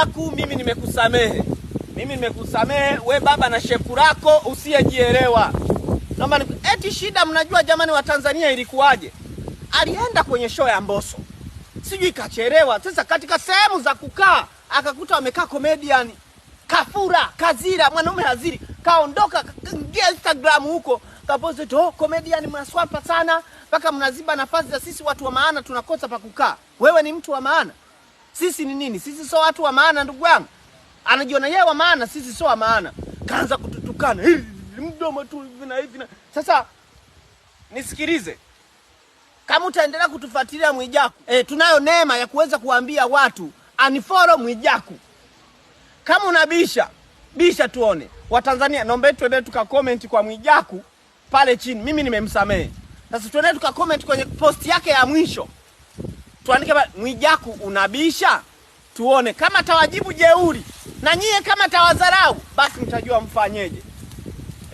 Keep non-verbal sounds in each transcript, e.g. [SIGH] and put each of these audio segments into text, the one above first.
yako mimi nimekusamehe, mimi nimekusamehe we baba na lako usiyejielewa. Naomba eti shida, mnajua jamani, wa Tanzania ilikuwaje? Alienda kwenye show ya Mboso sijui kachelewa. Sasa katika sehemu za kukaa akakuta wamekaa comedian Kafura Kazira, mwanaume haziri, kaondoka kaingia Instagram huko kapoze to, oh, comedian mnaswapa sana mpaka mnaziba nafasi za sisi watu wa maana tunakosa pa kukaa. Wewe ni mtu wa maana? Sisi ni nini? Sisi sio watu wa maana, ndugu yangu. Anajiona yeye wa maana, sisi sio wa maana. Kaanza kututukana mdomo tu hivi na hivi. Sasa nisikilize, kama utaendelea kutufuatilia Mwijaku, e, tunayo neema ya kuweza kuambia watu unfollow Mwijaku. Kama unabisha bisha, tuone Watanzania, naomba tuende tukacomment kwa Mwijaku pale chini. Mimi nimemsamehe. Sasa tuende tukacomment kwenye posti yake ya mwisho tuandike Mwijaku unabisha, tuone kama tawajibu jeuri, na nyie kama tawadharau, basi mtajua mfanyeje.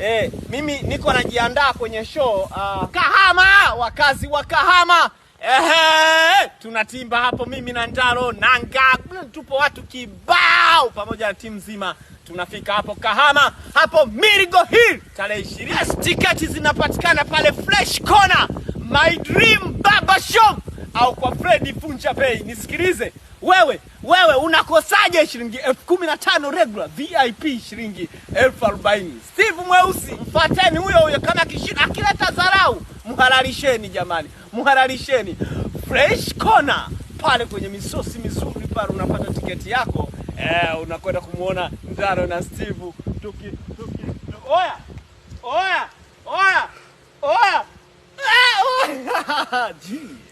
E, mimi niko najiandaa kwenye show uh, Kahama, wakazi wa Kahama. Ehe, tunatimba hapo, mimi na Ndaro Nanga, tupo watu kibao pamoja na timu nzima. Tunafika hapo Kahama, hapo Mirigo Hill tarehe ishirini. Tiketi zinapatikana pale Fresh Corner, My Dream Barber Shop au kwa Fred Puncha Pay. Nisikilize wewe, wewe unakosaje shilingi elfu kumi na tano regular VIP shilingi elfu arobaini Steve Mweusi, mfateni huyo huyo, kama kishina akileta dharau mhalalisheni, jamani, mhalalisheni. Fresh Corner pale kwenye misosi mizuri pale, unapata tiketi yako eh, unakwenda kumwona Ndaro na Steve tuki, tuki, oya oya oya oya, eh, oya. [LAUGHS]